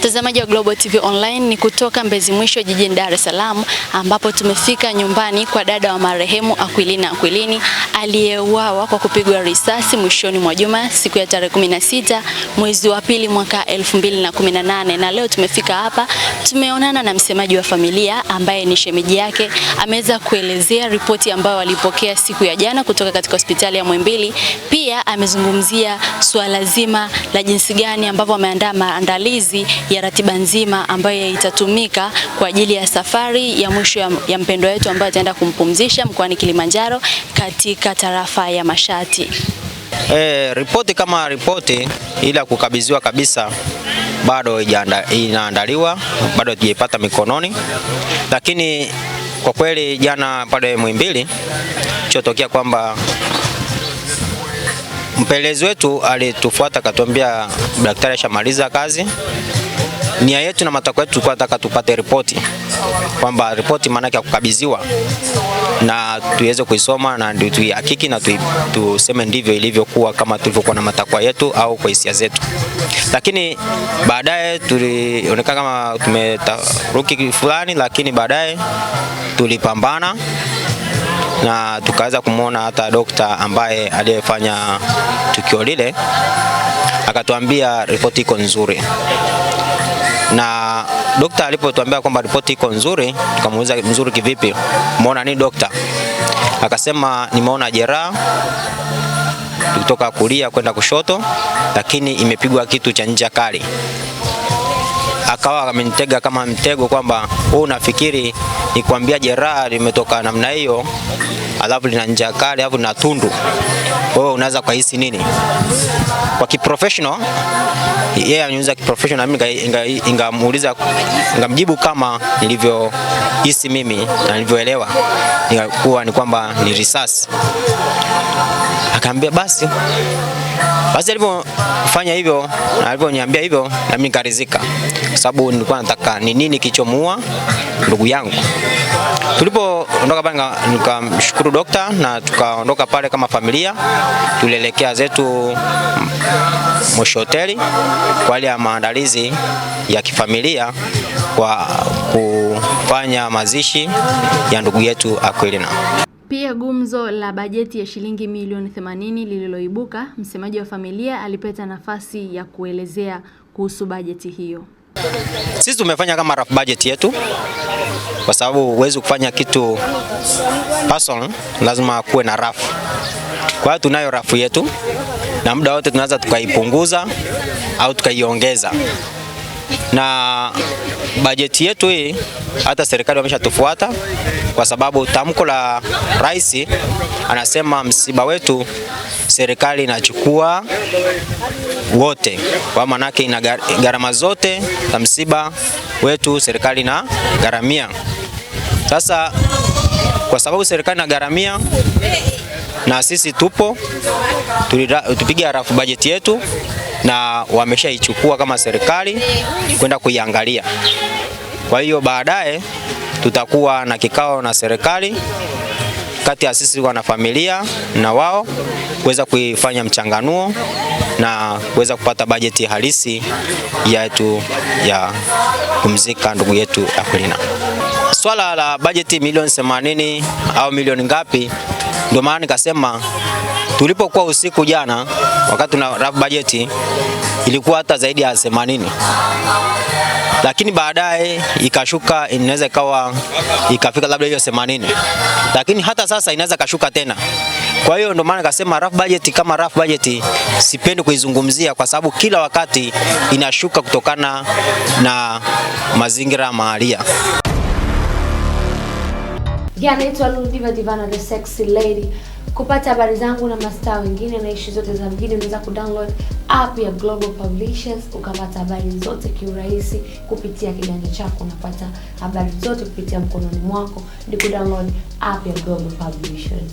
Mtazamaji wa Global TV Online ni kutoka Mbezi Mwisho jijini Dar es Salaam ambapo tumefika nyumbani kwa dada wa marehemu Akwilina akwilini aliyeuawa kwa kupigwa risasi mwishoni mwa juma siku ya tarehe 16 mwezi wa pili mwaka 2018 na leo tumefika hapa, tumeonana na msemaji wa familia ambaye ni shemeji yake, ameweza kuelezea ripoti ambayo walipokea siku ya jana kutoka katika hospitali ya Muhimbili. Pia amezungumzia suala zima la jinsi gani ambavyo wameandaa maandalizi ya ratiba nzima ambayo itatumika kwa ajili ya safari ya mwisho ya, ya mpendwa wetu ambaye ataenda kumpumzisha mkoani Kilimanjaro katika tarafa ya Mashati. Eh, ripoti kama ripoti ila kukabidhiwa kabisa bado inaandaliwa, bado hatujaipata mikononi, lakini kwa kweli jana pale Muhimbili chotokea kwamba Mpelelezi wetu alitufuata akatuambia daktari ashamaliza kazi. Nia yetu na matakwa yetu tulikuwa nataka tupate ripoti, kwamba ripoti maana yake ya kukabidhiwa na tuweze kuisoma na ndio tuihakiki na tui, tuseme ndivyo ilivyokuwa kama tulivyokuwa na matakwa yetu au kwa hisia zetu. Lakini baadaye tulionekana kama tumetaruki fulani, lakini baadaye tulipambana na tukaweza kumwona hata dokta ambaye aliyefanya tukio lile, akatuambia ripoti iko nzuri na dokta alipotuambia kwamba ripoti iko nzuri, tukamuuliza mzuri kivipi, umeona nini dokta? Akasema nimeona jeraha kutoka kulia kwenda kushoto, lakini imepigwa kitu cha ncha kali akawa amenitega kama mtego kwamba wewe unafikiri nikwambia jeraha limetoka namna hiyo alafu lina ncha kali alafu lina tundu, wewe unaweza kuhisi nini? Kwa kiprofessional yeye yeah, ameniuliza kiprofessional, mimi ingamuuliza ngamjibu kama nilivyohisi mimi na nilivyoelewa kuwa ni kwamba ni risasi. Akaambia basi basi alipofanya hivyo na aliponiambia hivyo, na mimi nikaridhika, kwa sababu nilikuwa nataka ni nini kilichomuua ndugu yangu. Tulipoondoka pale, nikamshukuru dokta na tukaondoka pale kama familia, tulielekea zetu Moshi hoteli kwa ajili ya maandalizi ya kifamilia kwa kufanya mazishi ya ndugu yetu Aquilina. Pia gumzo la bajeti ya shilingi milioni 80 lililoibuka, msemaji wa familia alipata nafasi ya kuelezea kuhusu bajeti hiyo. Sisi tumefanya kama rough budget yetu, kwa sababu huwezi kufanya kitu personal, lazima kuwe na rough. Kwa hiyo tunayo rafu yetu na muda wote tunaweza tukaipunguza au tukaiongeza na bajeti yetu hii, hata serikali wameshatufuata kwa sababu tamko la rais anasema msiba wetu serikali inachukua wote, kwa maanake ina gharama zote za msiba wetu serikali na gharamia. Sasa kwa sababu serikali na gharamia na sisi tupo, tupige harafu bajeti yetu na wameshaichukua kama serikali kwenda kuiangalia. Kwa hiyo baadaye tutakuwa na kikao na serikali kati ya sisi wanafamilia na wao kuweza kuifanya mchanganuo na kuweza kupata bajeti halisi yetu ya kumzika ndugu yetu Akwilina. Swala la bajeti milioni 80 au milioni ngapi, ndio maana nikasema Tulipokuwa usiku jana, wakati tuna rough bajeti ilikuwa hata zaidi ya 80, lakini baadaye ikashuka, inaweza ikawa ikafika labda hiyo 80, lakini hata sasa inaweza kashuka tena. Kwa hiyo ndio maana kasema rough budget kama rough budget sipendi kuizungumzia, kwa sababu kila wakati inashuka kutokana na mazingira mahalia. Yeah, Kupata habari zangu na mastaa wengine na ishi zote za mjini, unaweza kudownload app ya Global Publishers ukapata habari zote kiurahisi kupitia kiganja chako. Unapata habari zote kupitia mkononi mwako, ni kudownload app ya Global Publishers.